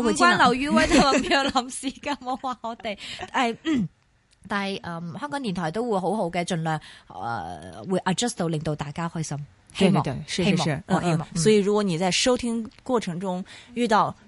唔關劉宇威咁樣諗事噶，冇話 我哋誒，嗯，但係誒、嗯，香港電台都會好好嘅，盡量誒、呃、會 adjust 到令到大家開心。希望，對，對，對，是是，是，希望是，是，是嗯嗯，嗯，所以如果你在收聽過程中遇到、嗯，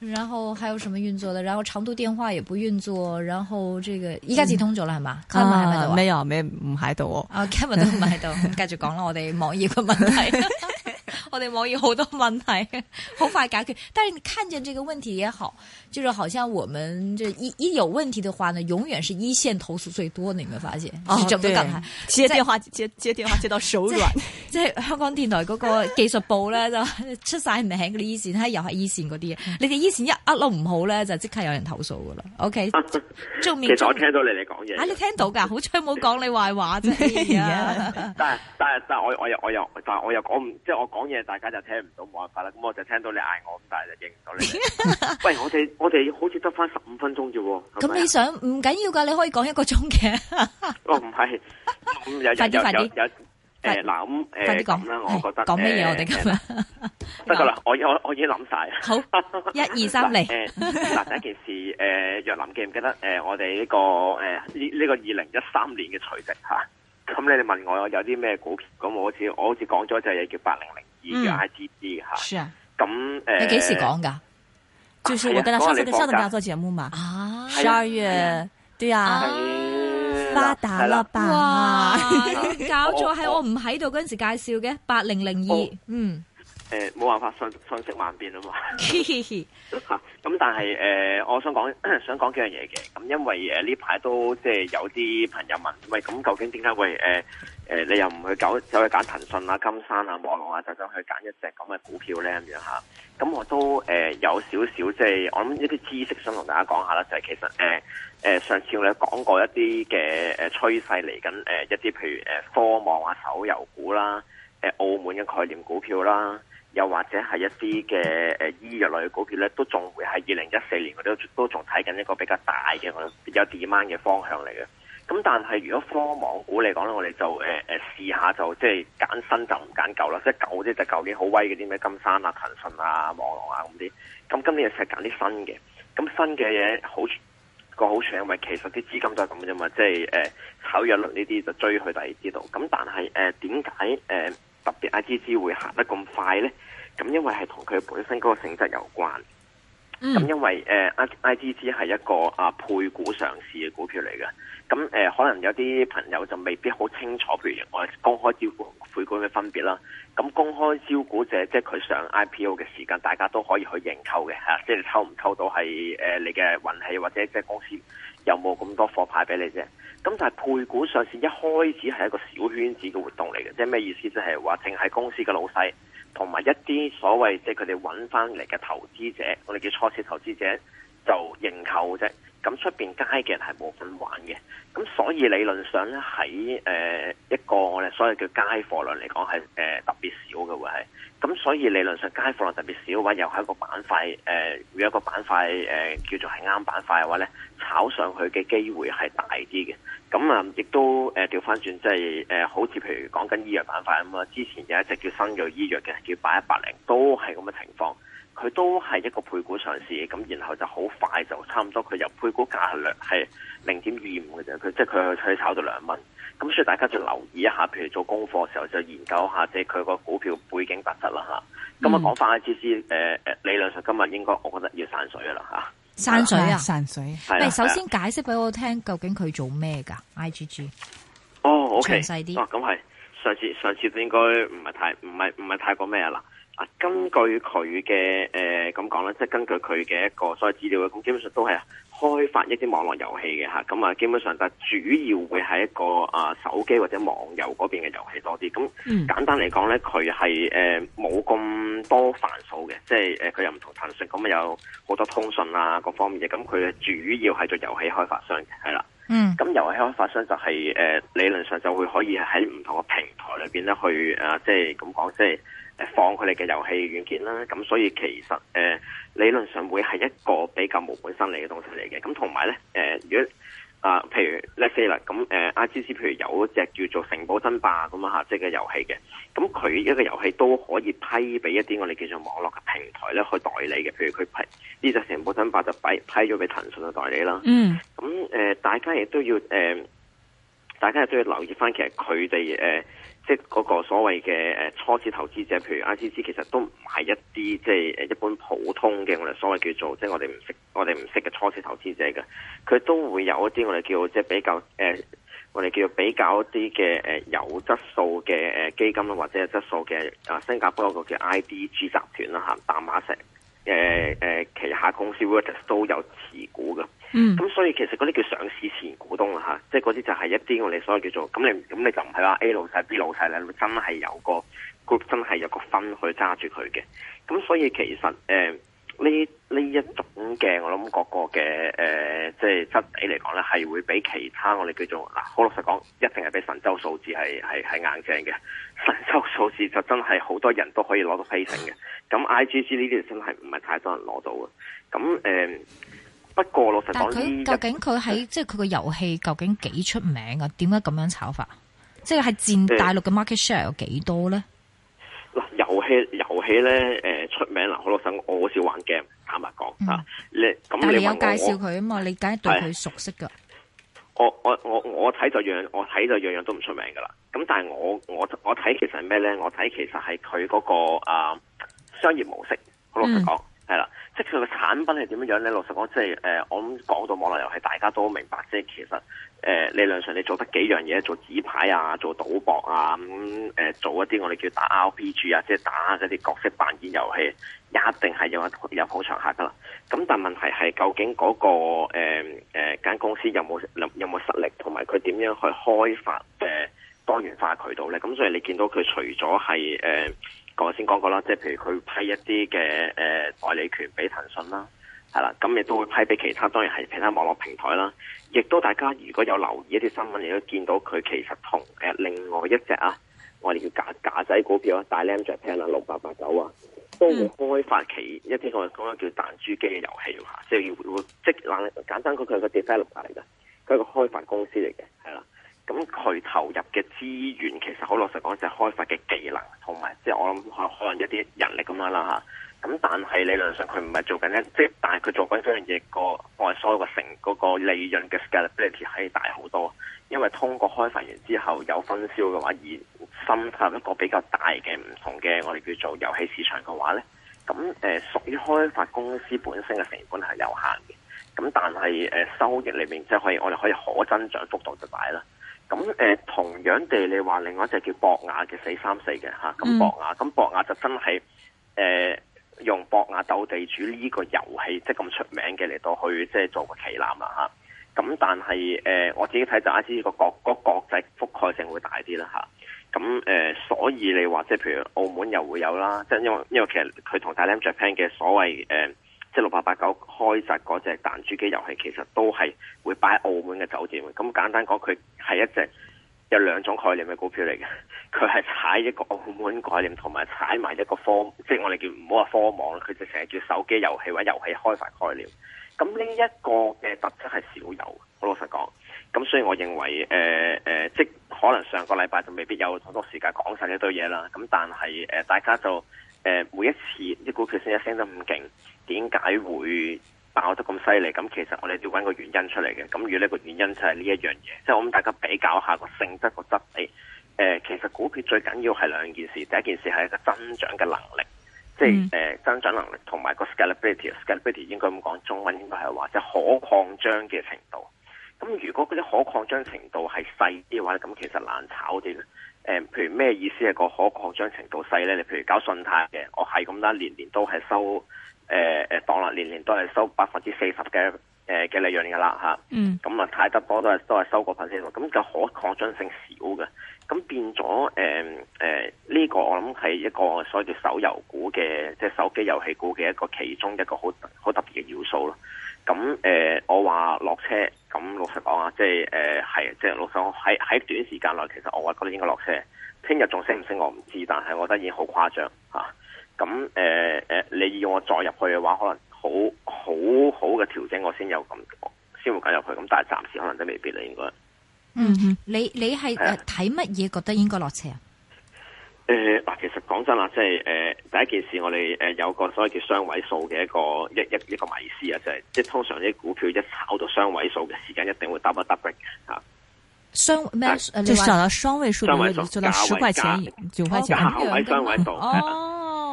然後還有什麼運作的？然後長途電話也不運作。然後這個而家接通走了還嗎？Kevin 喺唔喺度？冇，唔喺度哦。 啊，Kevin 都唔喺度，繼 續講啦，我哋網頁嘅問題。 我哋可以好多問題好快解決， 但是你看見這個問題也好，就是好像我們就一一有問題的話呢，永遠是一線投訴最多，你有冇發現？哦，對，接電話、就是、接接電話接到手軟，即、就、在、是就是、香港電台嗰個技術部咧， 就出晒名嗰啲醫線，又係醫線嗰啲嘢， 你哋醫線一壓到唔好咧，就即刻有人投訴㗎喇。OK，前 面其實我聽到你哋講嘢，啊，你聽到噶， 好彩冇講你壞話啫。 但係但係但係我我又我又但係我又講唔即係我講嘢。大家就聽唔到，冇辦法啦。咁我就聽到你嗌我咁大，但就認唔到你。 喂，我哋我哋好似得翻十五分鐘啫。咁你想唔緊要噶，你可以講一個鐘嘅。 哦，唔係，快、嗯、 有快啲。有誒，嗱咁誒，諗啦、 呃呃呃， 我覺得講乜嘢我哋咁啊？不過啦，我我，我已經諗晒。好，一二三零。嗱、 呃呃、第一件事，誒、呃，若林記唔記得誒、呃，我哋呢、這個誒呢呢個二零一三年嘅除夕。吓、呃？咁你哋問我有啲咩股票？咁我好似我好似講咗一隻嘢叫八零零。以嘅 I T 咁誒，你幾時講噶？就是我跟佢上次跟上次跟佢做節目嘛，啊十二月，對啊，發、啊、達、啊啊、了吧？你、啊啊、 搞錯係 我唔喺度嗰陣時介紹嘅八零零二，嗯。誒、呃，冇辦法，瞬瞬息萬變啊嘛。咁 但係誒、呃，我想講想講幾樣嘢嘅。咁因為誒呢排都即係有啲朋友問，喂，咁究竟點解喂誒誒，你又唔去搞走去揀騰訊啊、金山啊、網絡啊，就想去揀一隻咁嘅股票咧咁樣吓？咁我都誒、呃、有少少即係我諗一啲知識想同大家講下啦，就係、是、其實誒誒、呃呃、上次我哋講過一啲嘅誒趨勢嚟緊誒一啲譬如誒、呃、科網啊、手遊股啦，誒、呃、澳門嘅概念股票啦。又或者係一啲嘅醫藥類嘅股票咧，都仲會係二零一四年嗰啲都仲睇緊一個比較大嘅比較 demand 嘅方向嚟嘅。咁但係如果科網股嚟講咧，我哋就試、呃、下就即係揀新就唔揀舊啦，即係舊即係究竟好威嘅啲咩金山啊、騰訊啊、網龍啊咁啲。咁今年就係揀啲新嘅，咁新嘅嘢好個好處，因為其實啲資金就係咁啫嘛，即係誒、呃、炒藥類呢啲就追去第二啲度。咁但係點解。特別 IGG 會行得咁快呢？咁因為係同佢本身嗰個性質有關。咁因為誒 IGG 係係一個啊配股上市嘅股票嚟嘅，咁誒可能有啲朋友就未必好清楚，譬如我公開招股、配股嘅分別啦。咁公開招股者，即係佢上 I P O 嘅時間，大家都可以去認購嘅吓，即係你抽唔抽到係誒你嘅運氣，或者即係公司有冇咁多貨牌俾你啫。咁但係配股上市一開始係一個小圈子嘅活動嚟嘅，即係咩意思？即係話淨係公司嘅老細同埋一啲所謂即係佢哋揾翻嚟嘅投資者，我哋叫初始投資者就認購啫。咁出邊街嘅人係冇咁玩嘅，咁所以理論上咧喺，誒一個我哋所謂嘅街貨量嚟講係誒特別少嘅會，咁所以理論上街貨量特別少嘅話，又係一個板塊誒，如果、呃、一個板塊誒叫做係啱板塊嘅話咧，炒上去嘅機會係大啲嘅。咁啊，亦都誒調翻轉即係誒，好似譬如講緊醫藥板塊咁啊，之前有一隻叫新銳醫藥嘅，叫八一八零，都係咁嘅情況。佢都係一個配股上市，咁然後就好快就差唔多，佢入配股價係零點二五嘅啫，佢即係佢可以炒到兩蚊。咁所以大家就留意一下，譬如做功課嘅時候就研究下，即係佢個股票背景特質啦吓。咁我講翻 IGG 誒誒，理論上今日應該我覺得要散水啦吓、啊，散水啊，啊散水。誒、啊啊，首先解釋俾我聽，究竟佢做咩噶？IGG 哦，詳細啲啊，咁係上次上次都應該唔係太唔係唔係太過咩啦。根據佢嘅誒咁講咧，即係根據佢嘅一個所有資料嘅，咁基本上都係開發一啲網絡遊戲嘅嚇，咁啊基本上就主要會係一個啊手機或者網遊嗰邊嘅遊戲多啲。咁簡單嚟講咧，佢係誒冇咁多繁瑣嘅，即係誒佢又唔同騰訊咁啊有好多通訊啊各方面嘅，咁佢主要係做遊戲開發商嘅，係啦。嗯。咁遊戲開發商就係誒理論上就會可以喺唔同嘅平台裏邊咧去誒，即係咁講即係。放佢哋嘅遊戲軟件啦，咁所以其實誒、呃、理論上會係一個比較無本生利嘅東西嚟嘅。咁同埋咧，誒如果啊，譬如 Let's say 咁，誒 IGG 譬如有一隻叫做城堡爭霸咁啊吓，即係個遊戲嘅。咁佢一個遊戲都可以批俾一啲我哋叫做網絡嘅平台咧去代理嘅。譬如佢批呢隻城堡爭霸就批批咗俾騰訊嘅代理啦。Mm. 嗯，咁、呃、誒大家亦都要誒、呃，大家都要留意翻，其實佢哋誒。呃即係嗰個所謂嘅初始投資者，譬如 I T C，其實都唔係一啲即係一般普通嘅我哋所謂叫做即係我哋唔識我哋唔識嘅初始投資者嘅，佢都會有一啲我哋叫做即係比較誒、呃，我哋叫做比較一啲嘅、呃、有質素嘅基金啦，或者質素嘅啊新加坡個叫 I D G 集團啦，淡馬錫，誒誒旗下公司 Waters 都有持股嘅。嗯，咁所以其實嗰啲叫上市前股東啊吓，即係嗰啲就係、是、一啲我哋所謂叫做咁你，咁你就唔係話 A 老細 B 老細咧，真係有個 group，真係有個分去揸住佢嘅。咁所以其實誒呢呢一種嘅我諗各個嘅誒即係質地嚟講咧係會比其他我哋叫做嗱、啊，好老實講，一定係比神州數字係係係硬淨嘅。神州數字就真係好多人都可以攞到批成嘅，咁 I G G 呢啲真係唔係太多人攞到嘅。咁誒。呃不過老實講但佢究竟佢喺即係佢個遊戲究竟幾出名啊？點解咁樣炒法？即係佔大陸嘅 market share 有幾多咧？嗱、嗯，遊戲遊戲咧，誒，出名啦！好老實，我好少玩 game，坦白講啊。嗯、但你咁你有介紹佢啊嘛？你梗係對佢熟悉噶？我我我我睇就樣，我睇就樣樣都唔出名噶啦。咁但係我我我睇其實係咩咧？我睇其實係佢嗰個啊商業模式，好老實講係啦。嗯即係佢個產品係點樣咧？老實講，即係誒，我講到網絡遊戲，大家都明白。即係其實誒、呃，理論上你做得幾樣嘢，做紙牌啊，做賭博啊，咁、嗯、誒、呃，做一啲我哋叫打 RPG 啊，即係打嗰啲角色扮演遊戲，一定係有有好場客噶啦。咁但問題係，究竟嗰、那個誒誒間公司有冇有冇實力，同埋佢點樣去開發嘅、呃、多元化渠道咧？咁所以你見到佢除咗係誒。呃我先講過啦，即係譬如佢批一啲嘅代理權俾騰訊啦，係啦，咁亦都會批俾其他，當然係其他網絡平台啦。亦都大家如果有留意一啲新聞，亦都見到佢其實同誒另外一隻啊，我哋叫假，假仔股票啊，大鷲雀聽啦，六八八九啊，都開發其、嗯、一啲我講緊叫彈珠機嘅遊戲啊，即係要即係簡單講，佢係個 developer 嚟嘅，佢係個開發公司嚟嘅，係啦。咁佢投入嘅資源其實好老實講，就係開發嘅技能同埋，即係我諗可能一啲人力咁樣啦吓。咁但係理論上佢唔係做緊一，即係但係佢做緊嗰樣嘢個我哋所有個成嗰個利潤嘅 scalability 可以大好多，因為通過開發完之後有分銷嘅話，而深透一個比較大嘅唔同嘅我哋叫做遊戲市場嘅話咧，咁誒屬於開發公司本身嘅成本係有限嘅，咁但係誒收益裏面即係可以我哋可以可增長幅度就大啦。咁、呃、同樣地，你話另外一隻叫博雅嘅四三四嘅，咁博雅，咁博雅就真係誒、呃、用博雅鬥地主呢個遊戲，即係咁出名嘅嚟到去即係、就是、做個旗艦啦咁、啊、但係誒、呃，我自己睇就 IGG 個國嗰國際覆蓋性會大啲啦咁誒，所以你話即係譬如澳門又會有啦，即係因為因為其實佢同大 Dynam Japan 嘅所謂誒。呃即六八八九開集嗰隻彈珠機遊戲，其實都係會擺喺澳門嘅酒店。咁簡單講，佢係一隻有兩種概念嘅股票嚟嘅。佢係踩一個澳門概念，同埋踩埋一個科是們，即我哋叫唔好話科網，佢就成日叫手機遊戲或者遊戲開發概念。咁呢一個嘅特質係少有，好老實講。咁所以我認為，誒、呃、誒、呃，即可能上個禮拜就未必有好多時間講晒呢堆嘢啦。咁但係誒、呃，大家就誒、呃、每一次啲股票先一升得咁勁。點解會爆得咁犀利？咁其實我哋要揾個原因出嚟嘅。咁果呢個原因就係呢一樣嘢，即我諗大家比較一下個性質個質地。其實股票最緊要係兩件事，第一件事係一個增長嘅能力，即、就、係、是呃、增長能力，同埋個 scalability，scalability、mm. 應該咁講，中文應該係話即可擴張嘅程度。咁如果嗰啲可擴張程度係細啲嘅話咧，咁其實難炒啲。誒、呃，譬如咩意思係個可擴張程度細呢？你譬如搞信貸嘅，我係咁啦，年年都係收。誒誒，當落年年都係收百分之四十嘅，誒嘅利潤噶啦吓，咁啊睇得多都係都係收過份先喎，咁就可擴張性少嘅，咁變咗誒誒呢個我諗係一個所謂叫手遊股嘅，即係手機遊戲股嘅一個其中一個好好特別嘅要素咯。咁誒、嗯，我話落車，咁老實講啊，即係誒係，即係老實講喺喺短時間內，其實我話覺得應該落車，聽日仲升唔升我唔知，但係我覺得已經好誇張吓。咁誒、呃、你要我再入去嘅話，可能好好好嘅調整，我先有咁先會揀入去。咁但係暫時可能都未必啦，應該。嗯，你你係睇乜嘢覺得應該落車啊？嗱、呃，其實講真啦，即係、呃、第一件事，我哋有個所謂叫雙位數嘅一個一一一,一個迷思啊、就係，即係通常啲股票一炒到雙位數嘅時間，一定會得不得 b 雙咩、啊啊？就到雙位數，雙位數就到十塊錢，九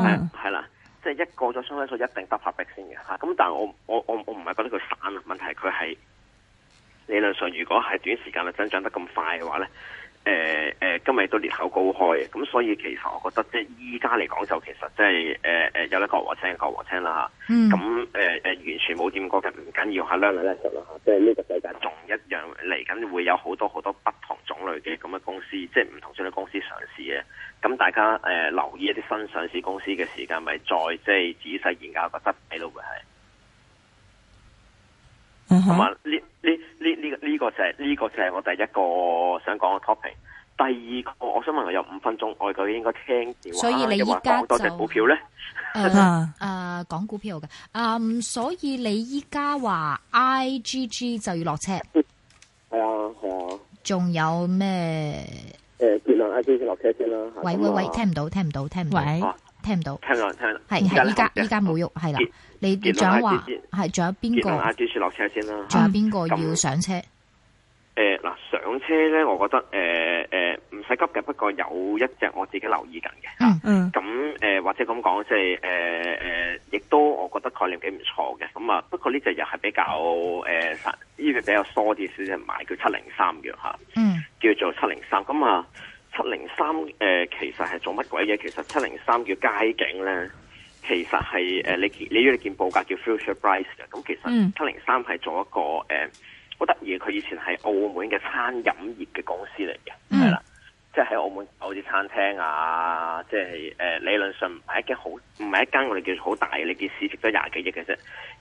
係、嗯，係啦，即係一過咗雙位數，一定得拍逼先嘅吓。咁但係我，我，我，我唔係覺得佢散啊。問題佢係理論上，如果係短時間就增長得咁快嘅話呢。誒誒，今日都裂口高開，咁所以其實我覺得即係依家嚟講就其實即係誒誒，有得講和聽，講和聽啦吓。嗯。咁誒誒，完全冇點講嘅唔緊要，吓兩嚟兩熟啦。即係呢個世界仲一樣嚟緊會有好多好多不同種類嘅咁嘅公司，即係唔同種類公司公司上市嘅。咁大家誒留意一啲新上市公司嘅時間，咪再即係仔細研究個質地咯，會係。同埋呢呢呢呢個呢個就係、是、呢、這個就係我第一個想講嘅 topic。第二個我想問，我有五分鐘，我究竟應該聽點？所以你依家就講多隻股票咧？誒、uh-huh. 講、 uh, uh, 股票嘅、um, 所以你依家話 IGG 就要落車？係啊係啊。仲有咩？誒，結論 IGG 落車先啦。喂、嗯、喂喂，喂，聽唔到聽唔到，聽唔到。聽唔到，聽到，聽啦，係係依家依家冇喐，係啦。你講話係仲有邊個？結阿結落車先啦。仲有邊個要上車？誒、嗯、嗱、呃，上車咧，我覺得誒誒唔使急嘅。不過有一隻我自己留意緊嘅咁，誒或者咁講即係誒誒，亦、呃呃、都我覺得概念幾唔錯嘅。咁啊，不過呢隻又係比較誒呢隻比較疏啲少少買叫七零三嘅，吓，叫做七零三咁啊。嗯七零三誒，其實係做乜鬼嘢？其實七零三叫街景咧，其實係誒，你你如果你見報價叫 Future Price 嘅，咁其實七零三係做一個誒好得意，佢以前係澳門嘅餐飲業嘅公司嚟嘅，係、嗯、啦，即係喺澳門搞啲餐廳啊，即係誒理論上唔係一間好唔係一間我哋叫做好大嘅呢件事，你見市值都廿幾億嘅啫。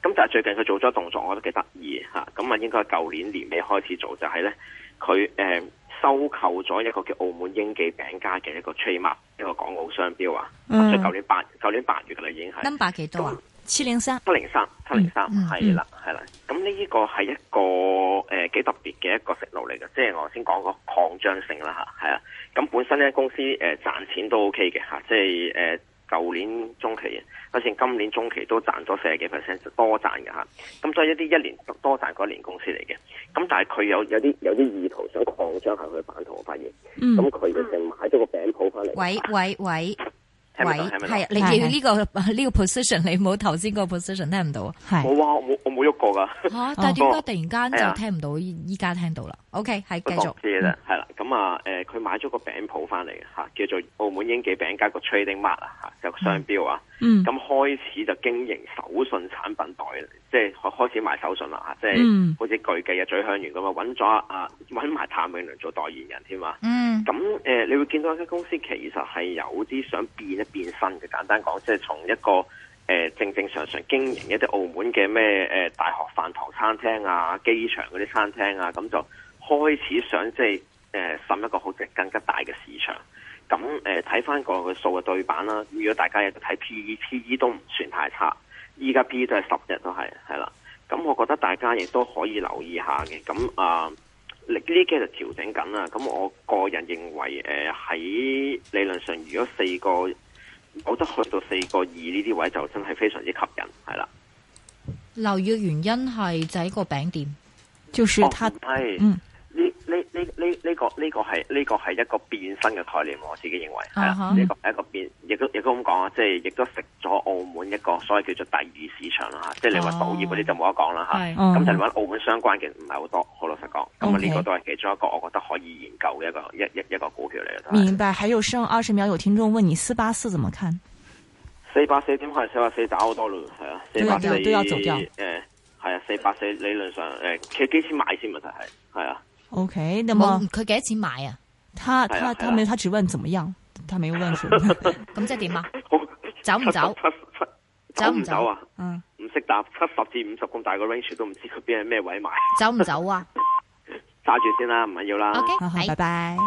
咁但係最近佢做咗動作我挺，我覺得幾得意。吓，咁啊應該係舊年年尾開始做就是呢，就係咧佢誒。呃收購咗一個叫澳門英記餅家嘅一個 trade mark，一個港澳商標啊，即係舊年八，舊年八月噶啦，已經係，number 幾多啊？七零三，七零三，七零三，係、嗯、啦，係啦。咁呢個係一個誒、呃、幾特別嘅一個食路嚟嘅，即、就、係、是、我先講個擴張性啦吓，係啊。咁本身咧公司誒賺、呃、錢都 OK 嘅吓，即係誒。呃舊年中期，就算今年中期都賺咗四十幾 percent，多賺嘅嚇。咁所以一啲一年多賺嗰年公司嚟嘅。咁但係佢有有啲有啲意圖想擴張下佢嘅版圖，我發現。咁、嗯、佢就買咗個餅鋪翻嚟。喂喂喂喂，係你記住呢個呢、這個 position，你冇頭先個 position 聽唔到啊？係。冇啊，我我冇喐過噶。但係點解突然間就聽唔到？依家聽到啦。OK，係繼續。啲嘢啫，係啦。嗯咁啊，誒，佢買咗個餅鋪翻嚟吓，叫做澳門英記餅家個 Trading Mark 啊吓，個商標啊。嗯。咁、嗯嗯嗯、開始就經營手信產品袋，即、嗯、係開始賣手信啦吓，即係好似巨記嘅咀香園咁啊，搵咗啊，搵埋譚詠麟做代言人添嘛。嗯。咁、嗯、誒、嗯嗯，你會見到一間公司其實係有啲想變一變身嘅，簡單講，即係從一個誒正正常常經營一啲澳門嘅咩誒大學飯堂餐廳啊、機場嗰啲餐廳啊，咁、嗯、就、嗯、開始想即係。就是誒、呃，滲一個好值，更加大嘅市場。咁誒，睇翻個嘅數嘅對板啦。如果大家有睇 P E P E 都唔算太差。而家 P E 都係十日都係，係啦。咁我覺得大家亦都可以留意下嘅。咁啊，呢啲嘢就調整緊啦。咁我個人認為，誒、呃、喺理論上，如果四個，我覺得去到四個二呢啲位就真係非常之吸引，係啦。留意嘅原因係就喺個餅店，就算。撻、哦，嗯。呢呢呢個呢、這個係呢、這個係、這個、一個變身嘅概念，我自己認為係啊。呢、uh-huh. 個一個變，亦都亦都咁講啊，即係亦都食咗澳門一個，所謂叫做第二市場啦，即係你話賭業嗰啲就冇得講啦吓。咁、啊 uh-huh. 就你玩澳門相關嘅唔係好多，好老實講。咁啊，呢個都係其中一個，我覺得可以研究嘅一個一一一,一個股票嚟。明白，還有剩二十秒，有聽眾問你四八四怎麼看？四八四點開，四八四打好多輪係啊，四八四都要走掉誒，係啊，四八四理論上誒、呃，其實幾錢買先問題係係啊。O.K.，咁啊，佢幾多錢買啊？他他他，他沒，他只問怎麼樣，他沒有問數。咁即係點啊？好，走唔走？七七走唔走啊？嗯，唔識答七十至五十咁，大個 range 都唔知佢邊係咩位買。 走唔走啊？揸 住先啦，唔緊要，要啦。Okay, 好，好，拜拜。